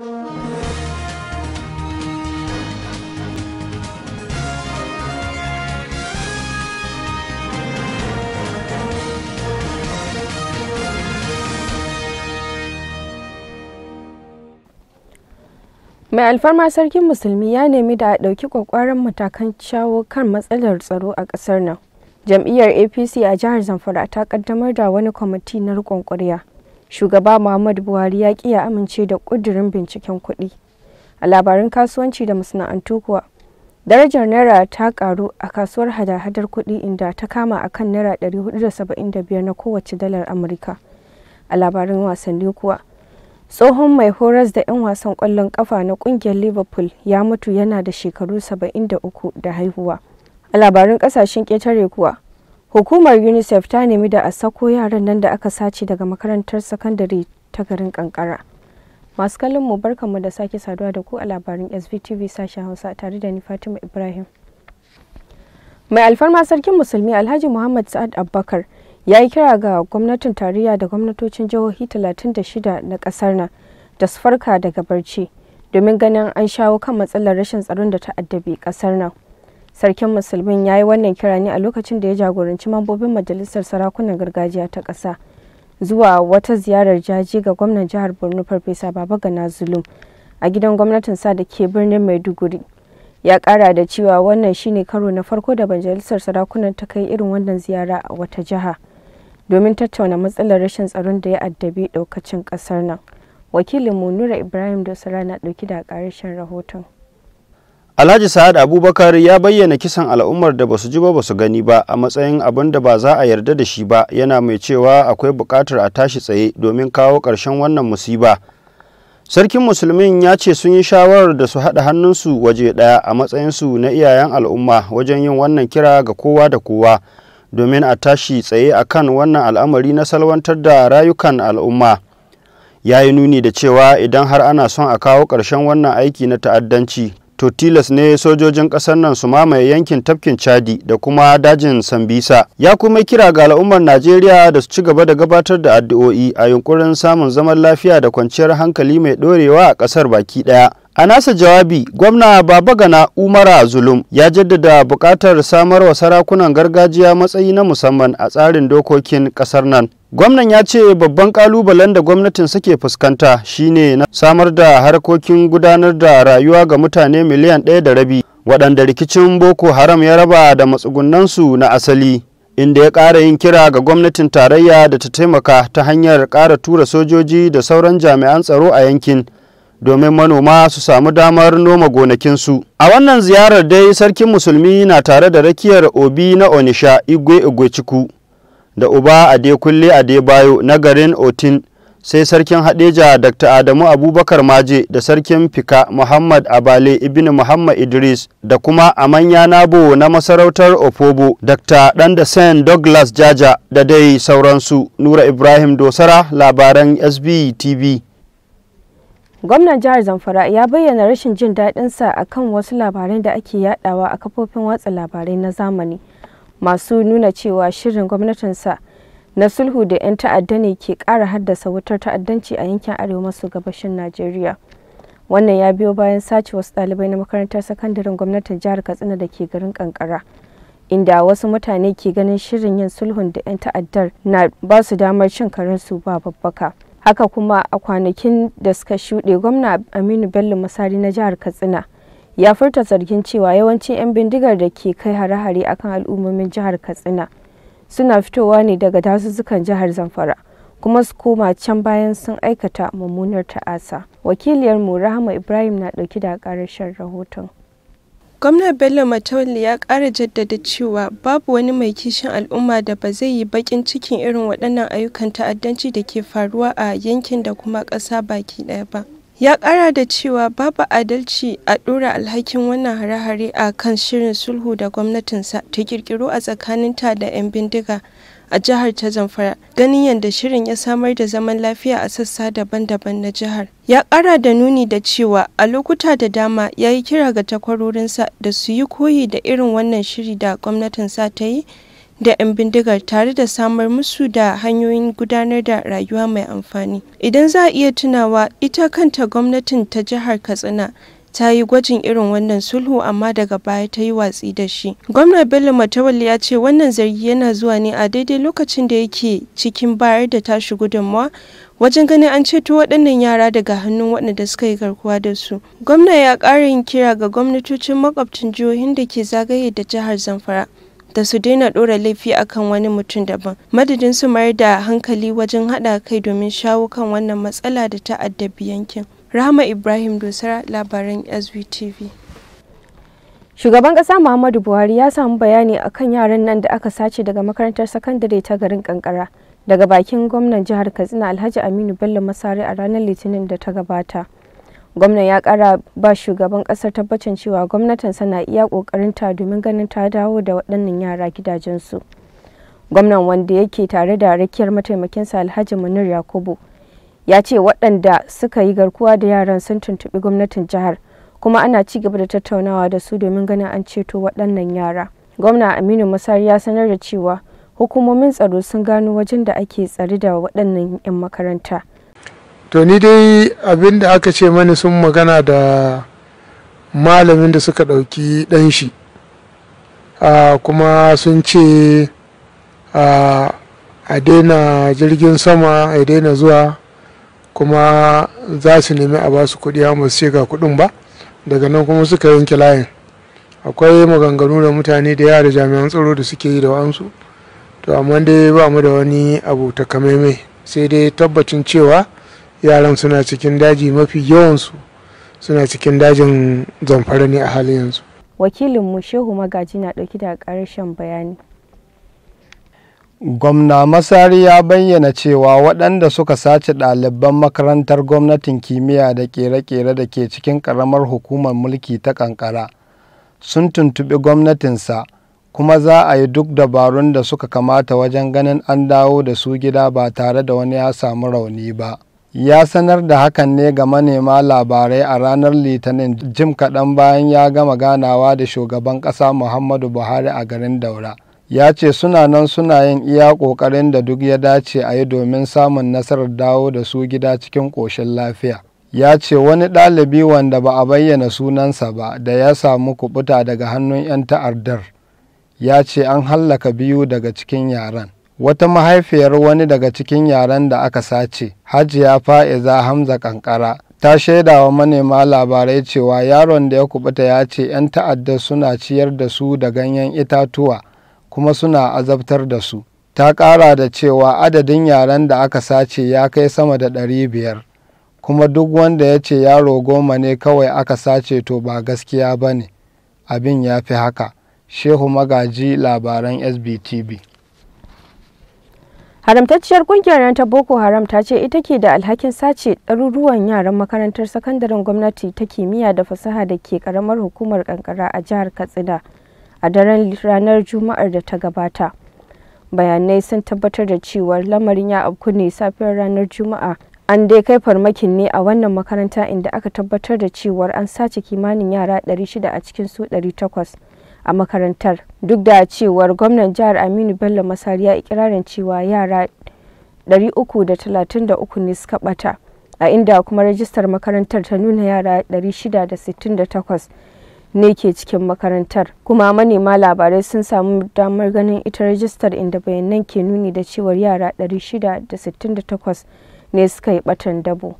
mai alfarma sarkin musulmi ya nemi da a ɗauki ƙwaƙwaran matakan shawo kan matsalar tsaro a ƙasar nan jam'iyyar apc a jihar zamfara ta ƙaddamar da wani kwamiti na riƙon ƙwarya shugaba muhammadu buhari ya ƙiya ya amince da ƙudurin binciken kuɗi a labarin kasuwanci da masana'antu kuwa darajar naira ta karu a kasuwar hada-hadar kuɗi inda ta kama a kan naira 475 na kowace dalar amurka a labarin wasanni kuwa tsohon mai horas da 'yan wasan ƙwallon ƙafa na ƙungiyar liverpool ya mutu yana da shekaru 73 da haihuwa a labarin ƙasashen ƙetare kuwa Hukumar UNICEF ta nemi da a sako yaran nan da aka sace daga makarantar sakandare ta garin kankara. Masu kallon mu barkanmu da sake saduwa da ku a labarin SVTV sashen Hausa tare da ni Fatima Ibrahim. Mai alfarma sarkin musulmi Alhaji Muhammad Sa'ad Abubakar ya yi kira ga gwamnatin tarayya da gwamnatocin jihohi 36 na kasar nan da su farka daga barci domin ganin an shawo kan matsalar rashin tsaron da ta addabi kasar nan. sarkin musulmin ya yi wannan kira ne a lokacin da ya jagoranci mambobin majalisar sarakunan gargajiya ta ƙasa zuwa wata ziyarar jaji ga gwamnan jihar borno farfesa baba gana zulum a gidan gwamnatin sa da ke birnin maiduguri ya kara da cewa wannan shine karo na farko da majalisar sarakunan ta kai irin wannan ziyara a wata jiha domin tattauna matsalar rashin tsaron da ya addabi daukacin kasar nan wakilinmu nura ibrahim dosara na dauki da karshen rahoton Alhaji Sa'ad Abubakar ya bayyana kisan al'ummar da basu ji ba basu gani ba a matsayin abin da ba za a yarda da shi ba yana mai cewa akwai buƙatar a tashi tsaye domin kawo ƙarshen wannan musiba. Sarkin Musulmin ya ce sun yi shawarar da su haɗa hannunsu waje ɗaya a matsayinsu na iyayen al'umma wajen yin wannan kira ga kowa da kowa domin a tashi tsaye akan wannan al'amari na salwantar da rayukan al'umma. Ya yi nuni da cewa idan har ana son a kawo ƙarshen wannan aiki na ta'addanci to tilas ne sojojin ƙasar nan su mamaye yankin tafkin chadi da kuma dajin sambisa ya kuma kira ga al'ummar najeriya da su ci gaba da gabatar da addu'o'i a yunkurin samun zaman lafiya da kwanciyar hankali mai ɗorewa a ƙasar baki ɗaya A nasa jawabi, gwamna Babagana Umara Zulum ya jaddada buƙatar samar wa sarakunan gargajiya matsayi na musamman a tsarin dokokin ƙasar nan. Gwamnan ya ce babban kalubalen da gwamnatin suke fuskanta shine na samar da harkokin gudanar da rayuwa ga mutane miliyan ɗaya da rabi waɗanda rikicin Boko Haram ya raba da matsugunansu na asali. Inda ya ƙara yin kira ga gwamnatin tarayya da ta taimaka ta hanyar ƙara tura sojoji da sauran jami'an tsaro a yankin domin manoma su samu damar noma gonakinsu. A wannan ziyarar dai sarkin musulmi na tare da rakiyar Obi na Onisha Igwe Igwe Ciku. da uba adekunle adebayo na garin otin sai sarkin hadeja dr adamu abubakar maje da sarkin fika muhammad abale ibn muhammad idris da kuma amanya nabo na masarautar ofobo dr dandasen douglas jaja da dai sauransu nura ibrahim dosara labaran sb tv gwamnan jihar zamfara ya bayyana rashin jin daɗinsa akan wasu labarai da ake yadawa a kafofin watsa labarai na zamani masu nuna cewa shirin gwamnatinsa na sulhu da 'yan ta'adda ne ke kara haddasa wutar ta'addanci a yankin arewa maso gabashin najeriya wannan ya biyo bayan sace wasu ɗalibai na makarantar sakandaren gwamnatin jihar katsina da ke garin kankara inda wasu mutane ke ganin shirin yin sulhun da 'yan ta'addar na ba su damar cin karensu ba babbaka haka kuma a kwanakin da suka shuɗe gwamna aminu bello masari na jihar katsina ya furta zargin cewa yawancin 'yan bindigar da ke kai hare-hare akan al'ummomin jihar katsina suna fitowa ne daga dazuzzukan jihar zamfara kuma su koma can bayan sun aikata mummunar ta'asa wakiliyar mu rahama ibrahim na dauki da karashen rahoton gwamnan bello matawalli ya kara jaddada cewa babu wani mai kishin al'umma da ba zai yi baƙin cikin irin waɗannan ayyukan ta'addanci da ke faruwa a yankin da kuma ƙasa baki ɗaya ba Ya kara da cewa babu adalci a ɗora alhakin wannan hare-hare a kan shirin sulhu da gwamnatinsa ta kirkiro a tsakaninta da 'yan bindiga a jihar ta Zamfara, ganin yadda shirin ya samar da zaman lafiya a sassa daban-daban na jihar. Ya kara da nuni da cewa a lokuta da dama ya yi kira ga takwarorinsa da su yi koyi da irin wannan shiri da gwamnatinsa ta yi da 'yan bindigar tare da samar musu da hanyoyin gudanar da rayuwa mai amfani. Idan za a iya tunawa ita kanta gwamnatin ta jihar Katsina ta yi gwajin irin wannan sulhu amma daga baya ta yi watsi da shi. Gwamna Bello Matawalli ya ce wannan zargi yana zuwa ne a daidai lokacin da yake cikin bayar da tashi gudunmawa wajen ganin an ceto waɗannan yara daga hannun waɗanda suka yi garkuwa da su. Gwamna ya ƙara yin kira ga gwamnatocin makwabtan jihohin da ke zagaye da jihar Zamfara. da su daina ɗora laifi akan wani mutum daban madadin su mayar da hankali wajen haɗa kai domin shawo kan wannan matsala da ta addabi yankin rahama ibrahim dosara labaran svtv Shugaban ƙasa Muhammadu Buhari ya samu bayani akan yaran nan da aka sace daga makarantar sakandare ta garin Kankara daga bakin gwamnan jihar Katsina Alhaji Aminu Bello Masari a ranar Litinin da ta gabata. Gwamnan ya kara ba shugaban kasar tabbacin cewa gwamnatinsa na iya kokarinta domin ganin ta dawo da waɗannan yara gidajensu. Gwamnan wanda yake tare da rakiyar mataimakinsa Alhaji Munir Yakubu ya ce waɗanda suka yi garkuwa da yaran sun tuntuɓi gwamnatin jihar kuma ana ci gaba da tattaunawa da su domin ganin an ceto waɗannan yara. Gwamna Aminu Musari ya sanar da cewa hukumomin tsaro sun gano wajen da ake tsare da waɗannan 'yan makaranta. to ni dai abin da aka ce mani sun magana da malamin da suka ɗauki ɗan shi kuma sun ce a daina jirgin sama a daina zuwa kuma za su nemi a basu kuɗi a su ce ga kuɗin ba daga nan kuma suka yanke layin akwai maganganu da mutane da yara jami'an tsaro da suke yi da wa'ansu to amma dai ba mu da wani abu takamaimai sai dai tabbacin cewa yaran suna cikin daji mafi yawansu suna cikin dajin zamfara ne a halin yanzu wakilinmu shehu magaji na ɗauki da ƙarshen bayani gwamna masari ya bayyana cewa waɗanda suka sace ɗaliban makarantar gwamnatin kimiyya da ƙere-ƙere da ke cikin ƙaramar hukumar mulki ta ƙanƙara sun tuntuɓi gwamnatinsa kuma za a yi duk dabarun da suka kamata wajen ganin an dawo da su gida ba tare da wani ya samu rauni ba. ya sanar da hakan ne ga manema labarai a ranar litinin jim kaɗan bayan ya gama ganawa da shugaban ƙasa muhammadu buhari a garin daura ya ce suna nan suna yin iya ƙoƙarin da duk ya dace a yi domin samun nasarar dawo da su gida cikin ƙoshin lafiya ya ce wani ɗalibi wanda ba a bayyana sunansa ba da ya samu kuɓuta daga hannun 'yan ta'addar ya ce an hallaka biyu daga cikin yaren. wata mahaifiyar wani daga cikin yaren da aka sace hajiya fa'iza hamza kankara ta shaida wa manema labarai cewa yaron da ya kubuta ya ce 'yan ta'adda suna ciyar da su da ganyen itatuwa kuma suna azabtar da su ta ƙara da cewa adadin yaren da aka sace ya kai sama da ɗari biyar kuma duk wanda ya ce yaro goma ne kawai aka sace to ba gaskiya ba ne abin ya fi haka shehu magaji labaran sbtv haramtacciyar kungiyar nan ta boko haram ta ce ita ke da alhakin sace ɗaruruwan yaran makarantar sakandaren gwamnati ta kimiyya da fasaha da ke karamar hukumar kankara a jihar katsina a daren ranar juma'ar da ta gabata bayanai sun tabbatar da cewa lamarin ya afku ne safiyar ranar juma'a an dai kai farmakin ne a wannan makaranta inda aka tabbatar da cewar an sace kimanin yara 600 a cikin su 800 a makarantar duk da cewar gwamnan jihar aminu bello masari ya ikirarin cewa yara 333 ne suka bata a inda kuma rajistar makarantar ta nuna yara 668 ne ke cikin makarantar kuma manema labarai sun samu damar ganin ita rajistar inda bayanan ke nuni da cewar yara 668 ne suka yi batan dabo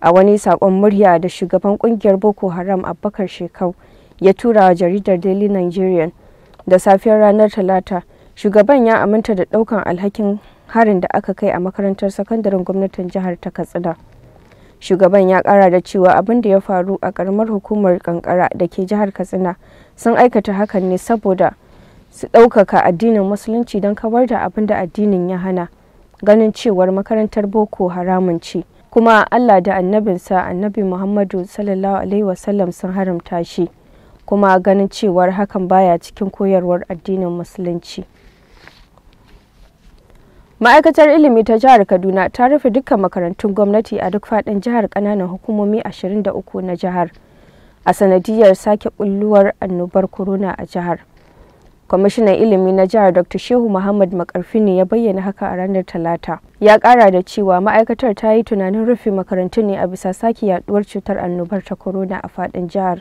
a wani sakon murya da shugaban ƙungiyar boko haram a bakar shekau ya tura wa jaridar daily nigerian da safiyar ranar talata shugaban ya aminta da daukan alhakin harin da aka kai a makarantar sakandaren gwamnatin jihar ta katsina shugaban ya kara da cewa abin da ya faru a karamar hukumar kankara da ke jihar katsina sun aikata hakan ne saboda su ɗaukaka addinin musulunci don kawar da abin da addinin ya hana ganin cewar makarantar boko haramun ce kuma allah da annabinsa annabi muhammadu sallallahu alaihi wasallam sun haramta shi kuma ganin cewar hakan baya cikin koyarwar addinin musulunci ma'aikatar ilimi ta jihar kaduna ta rufe dukkan makarantun gwamnati a duk faɗin jihar ƙananan hukumomi 23 na jihar a sanadiyar sake bulluwar annobar corona a jihar kwamishinan ilimi na jihar dr shehu muhammad makarfi ne ya bayyana haka a ranar talata ya kara da cewa ma'aikatar ta yi tunanin rufe makarantu ne a bisa sake yaduwar cutar annobar ta corona a fadin jihar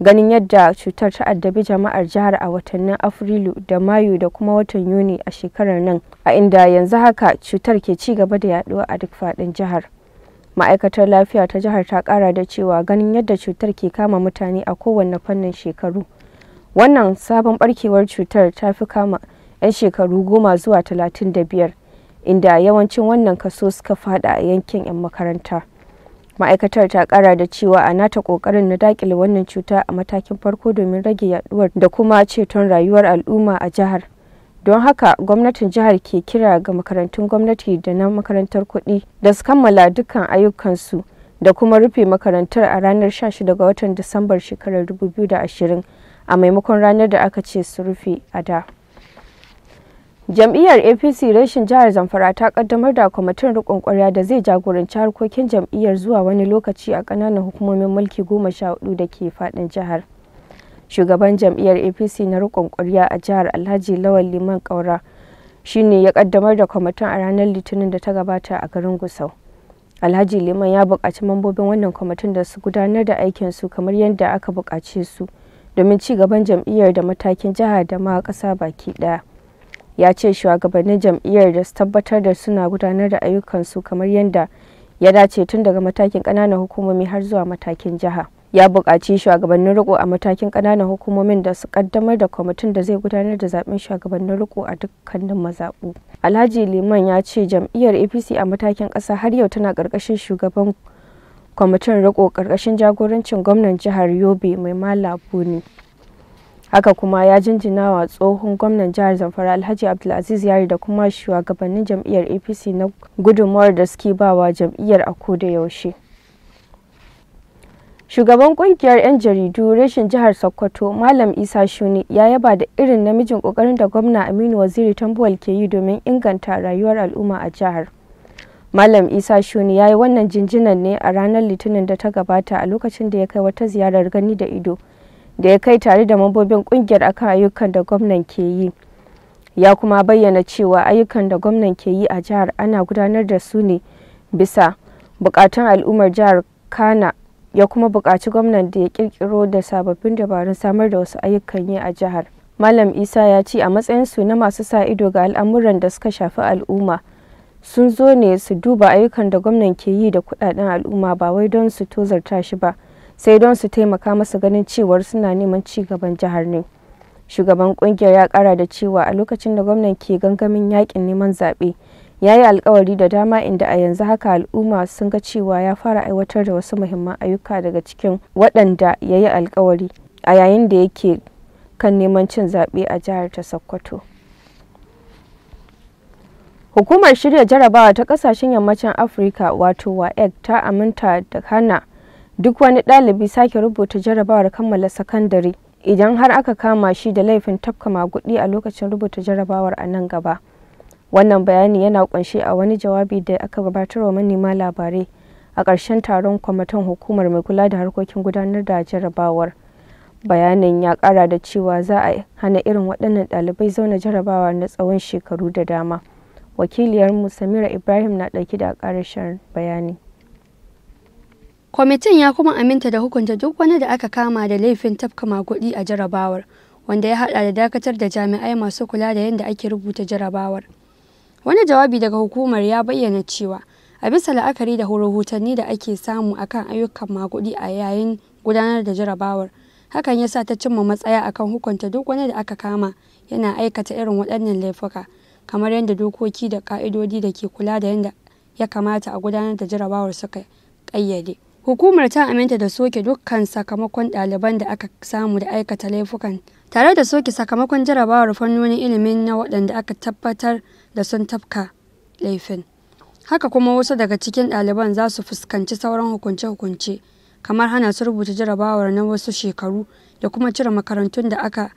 ganin yadda cutar ta addabi jama'ar jihar a watannin afrilu da mayu da kuma watan yuni a shekarar nan a inda yanzu haka cutar ke ci gaba da yaduwa a duk fadin jihar ma'aikatar lafiya ta jihar ta kara da cewa ganin yadda cutar ke kama mutane a kowane fannin shekaru wannan sabon barkewar cutar ta fi kama 'yan shekaru goma zuwa talatin da biyar inda yawancin wannan kaso suka fada a yankin 'yan makaranta ma'aikatar ta kara da cewa a nata kokarin na dakile wannan cuta a matakin farko domin rage yaduwar da kuma ceton rayuwar al'umma a jihar don haka gwamnatin jihar ke kira ga makarantun gwamnati da na makarantar kuɗi da su kammala dukkan ayyukansu da kuma rufe makarantar a ranar 16 ga watan disambar shekarar 2020 a maimakon ranar da aka ce su rufe a da. Jam'iyyar APC rashin jihar Zamfara ta kaddamar da kwamitin rikon kwarya da zai jagoranci harkokin jam'iyyar zuwa wani lokaci a ƙananan hukumomin mulki goma sha hudu da ke faɗin jihar. Shugaban jam'iyyar APC na rikon kwarya a jihar Alhaji Lawal Liman Kaura shine ya kaddamar da kwamitin a ranar Litinin da ta gabata a garin Gusau. Alhaji Liman ya buƙaci mambobin wannan kwamitin da su gudanar da aikin su kamar yadda aka buƙace su domin ci gaban jam'iyyar da matakin jiha da ma ƙasa baki ɗaya. ya ce shugabannin jam'iyyar da su tabbatar da suna gudanar da ayyukansu kamar yadda ya dace tun daga matakin ƙananan hukumomi har zuwa matakin jiha ya buƙaci shugabannin riko a matakin ƙananan hukumomin da su kaddamar da kwamitin da zai gudanar da zaɓen shugabannin riko a dukkanin mazaɓu alhaji liman ya ce jam'iyyar apc a matakin ƙasa har yau tana ƙarƙashin shugaban kwamitin riko ƙarƙashin jagorancin gwamnan jihar yobe mai malabu ne haka kuma ya jinjina wa tsohon gwamnan jihar zamfara alhaji abdulaziz yari da kuma shugabannin jam'iyyar apc na gudunmawar da suke bawa jam'iyyar a koda yaushe shugaban kungiyar 'yan jaridu reshen jihar sokoto malam isa shuni ya yaba da irin namijin kokarin da gwamna aminu waziri tambuwal ke yi domin inganta rayuwar al'umma a jihar malam isa shuni ya yi wannan jinjinan ne a ranar litinin da ta gabata a lokacin da ya kai wata ziyarar gani da ido da ya kai tare da mambobin kungiyar akan ayyukan da gwamnan ke yi ya kuma bayyana cewa ayyukan da gwamnan ke yi a jihar ana gudanar da su ne bisa bukatun al'ummar jihar kana ya kuma bukaci gwamnan da ya kirkiro da sababbin dabarun samar da wasu ayyukan yi a jihar malam isa ya ce a matsayinsu na masu sa ido ga al'amuran da suka shafi al'umma sun zo ne su duba ayyukan da gwamnan ke yi da kudaden al'umma ba wai don su tozarta shi ba sai don su taimaka masa ganin cewar suna neman ci gaban jihar ne shugaban kungiyar ya kara da cewa a lokacin da gwamnan ke gangamin yakin neman zaɓe ya yi alkawari da dama inda a yanzu haka al'umma sun ga cewa ya fara aiwatar da wasu muhimman ayyuka daga cikin waɗanda ya yi alkawari a yayin da yake kan neman cin zaɓe a jihar ta sokoto hukumar shirya jarabawa ta kasashen yammacin afirka wato waec ta aminta da hana duk wani ɗalibi sake rubuta jarabawar kammala sakandare idan har aka kama shi da laifin tafka maguɗi a lokacin rubuta jarabawar a nan gaba wannan bayani yana kunshe a wani jawabi da aka gabatar wa manema labarai a ƙarshen taron kwamitin hukumar mai kula da harkokin gudanar da jarabawar bayanin ya kara da cewa za a hana irin waɗannan ɗalibai zauna jarrabawa na tsawon shekaru da dama wakiliyarmu samira ibrahim na ɗauki da ƙarshen bayani kwamitin ya kuma aminta da hukunta duk wani da aka kama da laifin tafka maguɗi a jarabawar wanda ya hada da dakatar da jami'ai masu kula da yadda ake rubuta jarabawar wani jawabi daga hukumar ya bayyana cewa a bisa la'akari da rahotanni da ake samu akan ayyukan maguɗi a yayin gudanar da jarabawar hakan ya sa ta cimma matsaya akan hukunta duk wani da aka kama yana aikata irin waɗannan laifuka kamar yadda dokoki da ka'idodi da ke kula da yadda ya kamata a gudanar da jarabawar suka ƙayyade. Hukumar ta aminta da soke dukkan sakamakon ɗaliban da aka samu da aikata laifukan tare da soke sakamakon jarabawar fannonin ilimin na waɗanda aka tabbatar da sun tafka laifin. Haka kuma wasu daga cikin ɗaliban za su fuskanci sauran hukunce-hukunce kamar hana su rubuta jarabawar na wasu shekaru da kuma cire makarantun da aka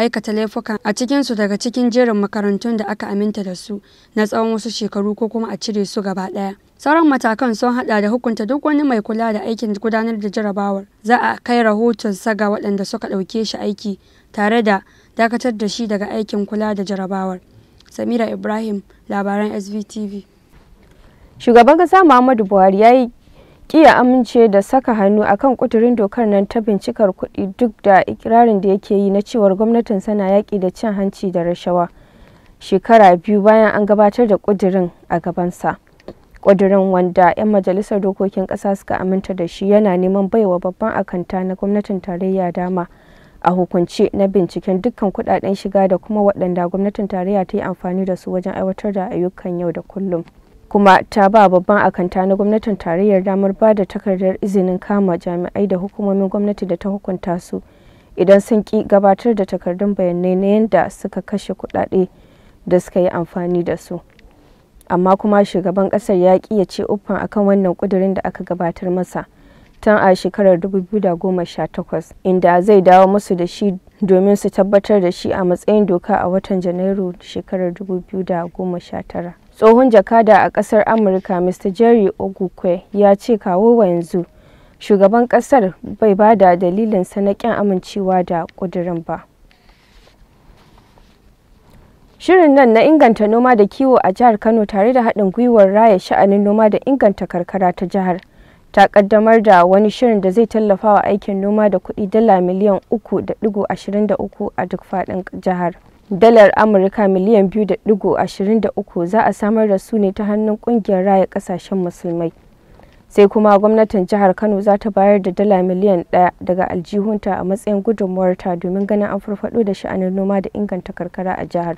aikata laifuka a cikinsu daga cikin jerin makarantun da aka aminta da su na tsawon wasu shekaru ko kuma a cire su gaba ɗaya. Sauran matakan sun haɗa da hukunta duk wani mai kula da aikin gudanar da jarabawar. Za a kai rahoton saga waɗanda suka ɗauke shi aiki tare da dakatar da shi daga aikin kula da jarabawar. Samira Ibrahim, labaran SVTV. Shugaban ƙasa Muhammadu Buhari ya yi kiya amince da saka hannu akan kuturin dokar nan ta bincikar kuɗi duk da ikirarin da yake yi na cewar gwamnatin sana yaƙi da cin hanci da rashawa shekara biyu bayan an gabatar da kudirin a gabansa kudirin wanda 'yan majalisar dokokin ƙasa suka aminta da shi yana neman baiwa babban akanta na gwamnatin tarayya dama a hukunci na binciken dukkan kudaden shiga da kuma waɗanda gwamnatin tarayya ta yi amfani da su wajen aiwatar da ayyukan yau da kullum. kuma ta ba babban akanta na gwamnatin tarayyar damar ba da takardar izinin kama jami'ai da hukumomin gwamnati da ta hukunta su idan sun ki gabatar da takardun bayanai na yadda suka kashe kudade da suka yi amfani da su amma kuma shugaban kasar ya ki ya ce uffan akan wannan ƙudurin da aka gabatar masa tun a shekarar 2018 inda zai dawo musu da shi domin su tabbatar da shi a matsayin doka a watan Janairu shekarar 2019. Tsohon jakada a kasar Amurka Mr. Jerry Ogukwe ya ce kawo wa yanzu shugaban kasar bai ba da dalilin sanakin amincewa da kudurin ba. Shirin nan na inganta noma da kiwo a jihar Kano tare da haɗin gwiwar raya sha'anin noma da inganta karkara ta jihar. ta kaddamar da wani shirin da zai tallafa wa aikin noma da kuɗi dala miliyan 3.23 a duk faɗin jihar. Dalar Amurka miliyan 2.23 za a samar da su ne ta hannun ƙungiyar raya ƙasashen musulmai. Sai kuma gwamnatin jihar Kano za ta bayar da dala miliyan ɗaya daga aljihunta a matsayin gudunmuwarta domin ganin an farfaɗo da sha'anin noma da inganta karkara a jihar.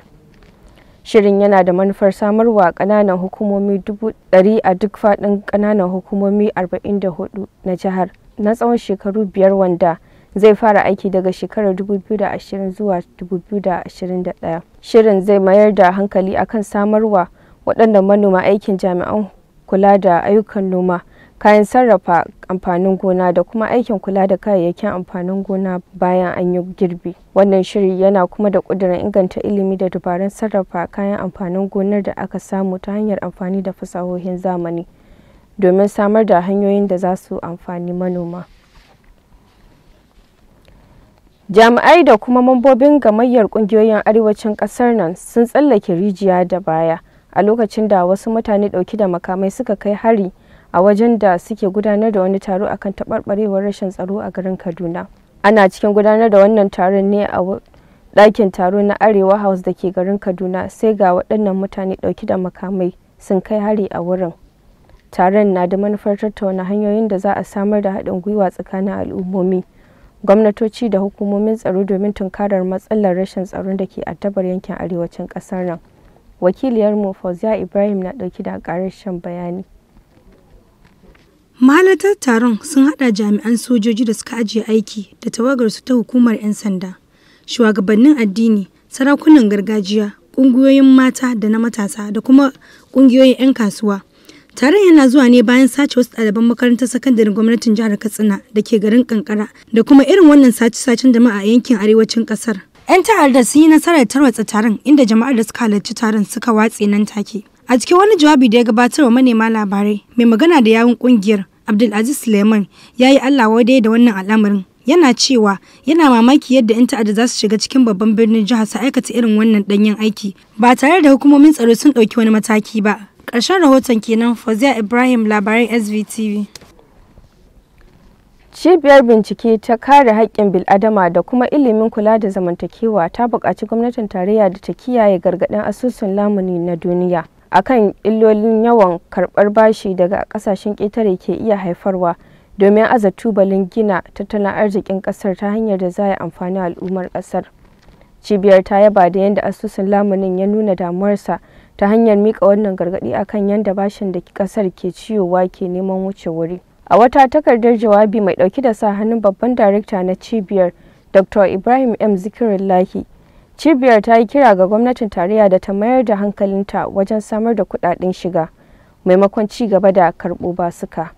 Shirin yana da manufar samar wa kananan hukumomi dubu ɗari a duk faɗin kananan hukumomi 44 na jihar na tsawon shekaru biyar wanda zai fara aiki daga shekarar 2020 zuwa 2021. Shirin zai mayar da hankali akan samarwa waɗanda manoma aikin jami'an kula da ayyukan noma kayan sarrafa amfanin gona da kuma aikin kula da kayayyakin amfanin gona bayan an yi girbi. Wannan shiri yana kuma da ƙudurin inganta ilimi da dabarun sarrafa kayan amfanin gonar da aka samu ta hanyar amfani da fasahohin zamani domin samar da hanyoyin da za su amfani manoma. Jami'ai da kuma mambobin gamayyar ƙungiyoyin arewacin ƙasar nan sun tsallake rijiya da baya a lokacin da wasu mutane ɗauki da makamai suka kai hari a wajen da suke gudanar da wani taro akan taɓarɓarewar rashin tsaro a garin kaduna ana cikin gudanar da wannan taron ne a ɗakin taro na arewa house da ke garin kaduna sai ga waɗannan mutane ɗauki da makamai sun kai hari a wurin taron na da manufar tattauna hanyoyin da za a samar da haɗin gwiwa tsakanin al'ummomi gwamnatoci da hukumomin tsaro domin tunkarar matsalar rashin tsaro da ke addabar yankin arewacin ƙasar nan wakiliyarmu fauziya ibrahim na ɗauki da ƙarashen bayani Mahalartar taron sun haɗa jami'an sojoji da suka ajiye aiki da tawagar su ta hukumar 'yan sanda, shugabannin addini, sarakunan gargajiya, ƙungiyoyin mata da na matasa da kuma ƙungiyoyin 'yan kasuwa. Taron yana zuwa ne bayan sace wasu ɗaliban makarantar sakandaren gwamnatin jihar Katsina da ke garin Kankara da kuma irin wannan sace-sacen jama'a a yankin arewacin ƙasar. 'Yan ta'adda sun yi nasarar tarwatsa taron inda jama'ar da suka halarci taron suka watse nan take. A cikin wani jawabi da ya gabatar wa manema labarai, mai magana da yawun ƙungiyar Abdulaziz Suleiman ya yi Allah wadai da wannan al'amarin. Yana cewa yana mamaki yadda 'yan ta'adda za su shiga cikin babban birnin jihar su aikata irin wannan ɗanyen aiki ba tare da hukumomin tsaro sun ɗauki wani mataki ba. Ƙarshen rahoton kenan Fazia Ibrahim labaran SVTV. Cibiyar bincike ta kare haƙƙin bil'adama da kuma ilimin kula da zamantakewa ta buƙaci gwamnatin tarayya da ta kiyaye gargaɗin asusun lamuni na duniya. akan illolin yawan karɓar bashi daga kasashen ƙetare ke iya haifarwa domin aza tubalin gina tattalin arzikin ƙasar ta hanyar da za a amfani al'ummar ƙasar. Cibiyar ta yaba da yadda asusun lamunin ya nuna damuwarsa ta hanyar mika wannan gargaɗi akan yadda bashin da ƙasar ke ciyowa ke neman wuce wuri. A wata takardar jawabi mai ɗauki da sa hannun babban darakta na cibiyar, Dr. Ibrahim M. Zikirullahi, cibiyar ta yi kira ga gwamnatin tarayya da ta mayar da hankalinta wajen samar da kudaden shiga maimakon ci gaba da karɓo basuka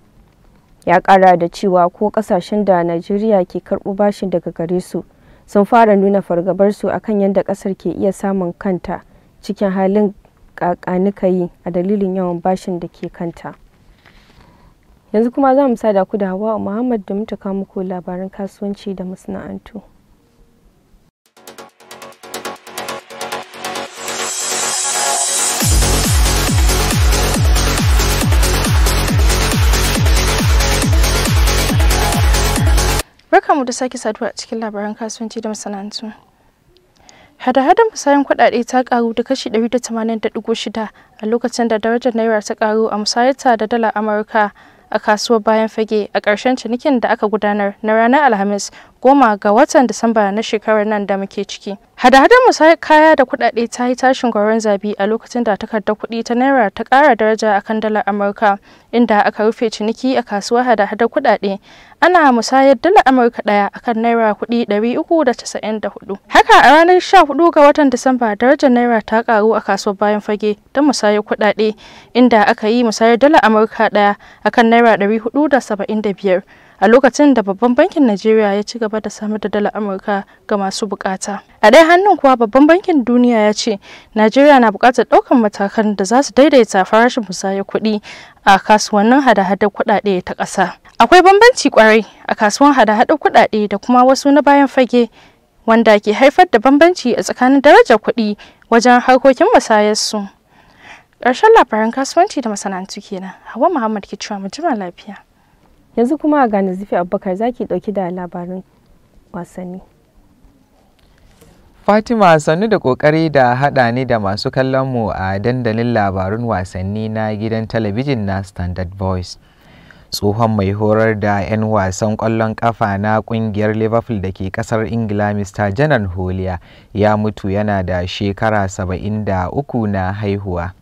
ya kara da cewa ko kasashen da najeriya ke karbo bashin daga gare su sun fara nuna fargabarsu akan yadda kasar ke iya samun kanta cikin halin kakanika yi a dalilin yawan bashin da ke kanta yanzu kuma za mu sada ku da hawa muhammad da mutuka muku labaran kasuwanci da masana'antu da sake saduwa a cikin labaran kasuwanci da masana'antu. hada hadan musayan kuɗaɗe ta karu da kashi shida a lokacin da darajar naira ta karu a musayarta da dala Amurka a kasuwar bayan fage a ƙarshen cinikin da aka gudanar na ranar Alhamis goma ga watan Disamba na shekarar nan da muke ciki. Hada-hadar musayar kaya da kudade ta yi tashin gwaron zabi a lokacin da takardar kuɗi ta naira ta kara daraja akan dalar Amurka inda aka rufe ciniki a kasuwar hada-hadar kuɗaɗe ana musayar dala Amurka ɗaya akan naira kuɗi 394. Haka a ranar 14 ga watan Disamba darajar naira ta karu a kasuwar bayan fage ta musayar kuɗaɗe inda aka yi musayar dalar Amurka ɗaya akan naira 475. a lokacin da babban bankin Najeriya ya ci gaba da samar da dalar Amurka ga masu bukata. A ɗaya hannun kuwa babban bankin duniya ya ce Najeriya na bukatar ɗaukar matakan da za su daidaita farashin musayar kuɗi a kasuwannin hada hada kuɗaɗe ta ƙasa. Akwai bambanci kwarai a kasuwan hada-hadar kuɗaɗe da kuma wasu na bayan fage wanda ke haifar da bambanci a tsakanin darajar kuɗi wajen harkokin musayarsu. Ƙarshen labaran kasuwanci da masana'antu kenan. Hawa Muhammad ke cewa mu jima lafiya. yanzu kuma ga nazifi abubakar zaki dauki da labarin wasanni Fatima sannu da kokari da hada ni da masu kallon mu a dandalin labarun wasanni na gidan talabijin na Standard Voice. Tsohon mai horar da 'yan wasan kwallon kafa na kungiyar Liverpool da ke kasar Ingila Mr. Janan Holia ya mutu yana da shekara 73 na haihuwa.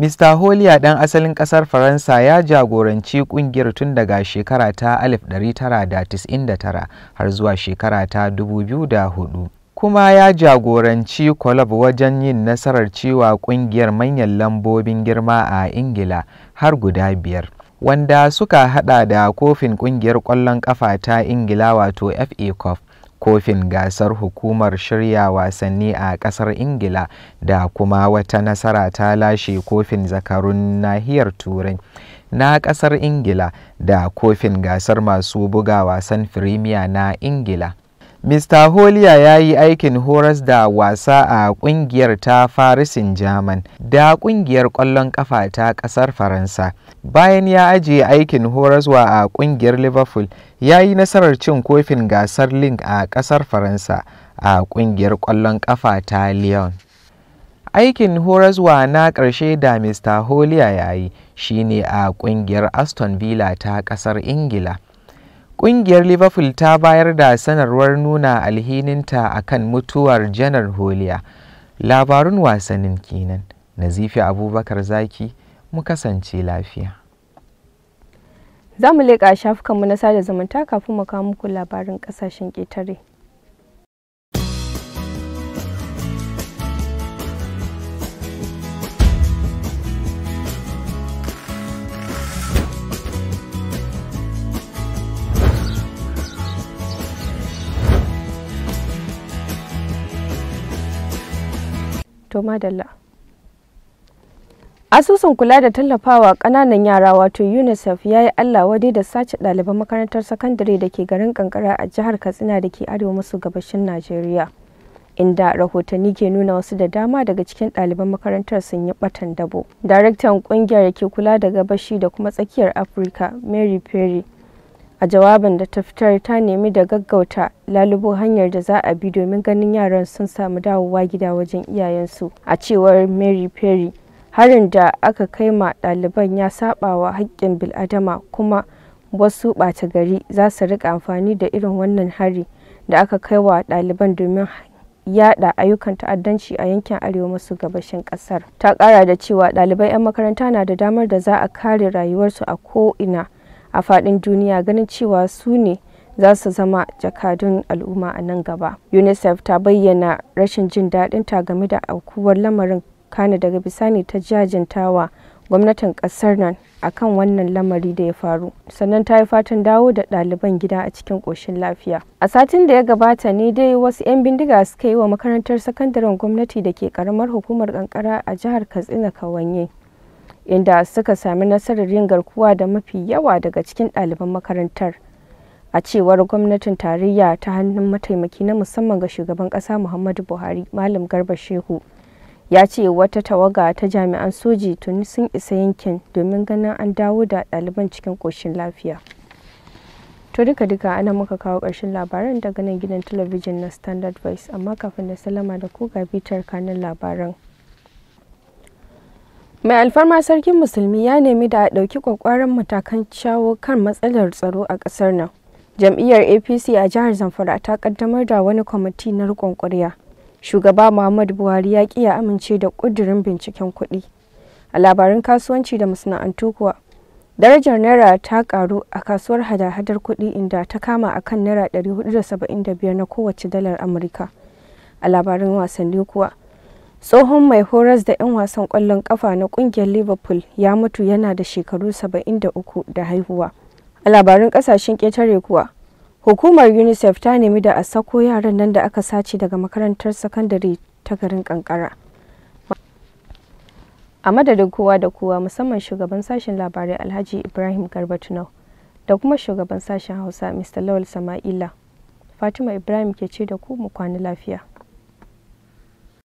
Mr. Holia ɗan asalin ƙasar Faransa ya jagoranci ƙungiyar tun daga shekara ta 1999 har zuwa shekara ta 2004. kuma ya jagoranci kwalab wajen yin nasarar cewa kungiyar manyan lambobin girma a ingila har guda biyar wanda suka hada da kofin kungiyar kwallon kafa ta ingila wato fa cup kofin gasar hukumar shirya wasanni a kasar ingila da kuma wata nasara ta lashe kofin zakarun nahiyar turai na kasar ingila da kofin gasar masu buga wasan firimiya na ingila Mr. holia ya yi aikin horas da wasa a kungiyar ta Farisin German da kungiyar ƙwallon ƙafa ta ƙasar Faransa. Bayan ya ajiye aikin horaswa a kungiyar Liverpool, ya yi nasarar cin kofin gasar Link a ƙasar Faransa a kungiyar ƙwallon ƙafa ta Lyon. Aikin horaswa na ƙarshe da Mr. Holiya ya yi shine a kungiyar Aston Villa ta ƙasar Ingila. Ƙungiyar Liverpool ta bayar da sanarwar nuna alhininta a kan mutuwar Janar Holiya. Labarun wasannin kenan. Nazifi Abubakar Zaki mu kasance lafiya. Za mu leƙa shafukanmu na sada zumunta kafin mu kawo muku labarin ƙasashen ƙetare. madalla asusun kula da tallafawa kananan yara wato unicef ya yi allah wadai da sace ɗaliban makarantar sakandare da ke garin kankara a jihar katsina da ke arewa masu gabashin najeriya inda rahotanni ke nuna wasu da dama daga cikin ɗaliban makarantar sun yi batan dabo daraktan kungiyar ke kula da gabashi da kuma tsakiyar afirka mary perry a jawabin da ta fitar ta nemi da gaggauta lalubo hanyar da za a bi domin ganin yaran sun samu dawowa gida wajen iyayensu a cewar mary perry harin da aka kai ma ɗaliban ya saba wa haƙƙin bil'adama kuma wasu ɓata gari za su riƙa amfani da irin wannan hari da aka kai wa ɗaliban domin yada ayyukan ta'addanci a yankin arewa masu gabashin kasar ta kara da cewa ɗalibai 'yan makaranta na da damar da za a kare rayuwarsu a ko'ina a faɗin duniya ganin cewa su ne za su zama jakadun al'umma a nan gaba. UNICEF ta bayyana rashin jin daɗinta game da aukuwar lamarin kana daga bisani ta jajintawa gwamnatin ƙasar nan a kan wannan lamari da ya faru sannan ta yi fatan dawo da ɗaliban gida a cikin ƙoshin lafiya a satin da ya gabata ne dai wasu 'yan bindiga suka yi wa makarantar sakandaren gwamnati da ke ƙaramar hukumar kankara a jihar katsina kawanye inda suka sami nasarar yin garkuwa da mafi yawa daga cikin ɗaliban makarantar a cewar gwamnatin tarayya ta hannun mataimaki na musamman ga shugaban ƙasa muhammadu buhari malam garba shehu ya ce wata tawaga ta jami'an soji tuni sun isa yankin domin ganin an dawo da ɗaliban cikin ƙoshin lafiya to duka duka ana muka kawo ƙarshen labaran daga nan gidan talabijin na standard voice amma kafin da salama da ku ga bitar kanin labaran mai alfarmar sarkin musulmi ya nemi da a ɗauki kwakwaran matakan shawo kan matsalar tsaro a ƙasar nan jam'iyyar apc a jihar zamfara ta ƙaddamar da wani kwamiti na riƙon ƙwarya shugaba muhammadu buhari ya ƙi ya amince da ƙudurin binciken kuɗi a labarin kasuwanci da masana'antu kuwa darajar naira ta ƙaru a kasuwar hada-hadar kuɗi inda ta kama akan naira ɗari hudu da biyar na kowace dalar amurka a labarin wasanni kuwa Tsohon mai horas da 'yan wasan ƙwallon ƙafa na ƙungiyar Liverpool ya mutu yana da shekaru 73 da haihuwa. A labarin ƙasashen ƙetare kuwa, hukumar UNICEF ta nemi da a sako yaran nan da aka sace daga makarantar sakandare ta garin Kankara. A madadin kowa da kowa musamman shugaban sashen labarai Alhaji Ibrahim Garba da kuma shugaban sashen Hausa Mr. Lawal Sama'ila. Fatima Ibrahim ke ce da ku mu kwana lafiya.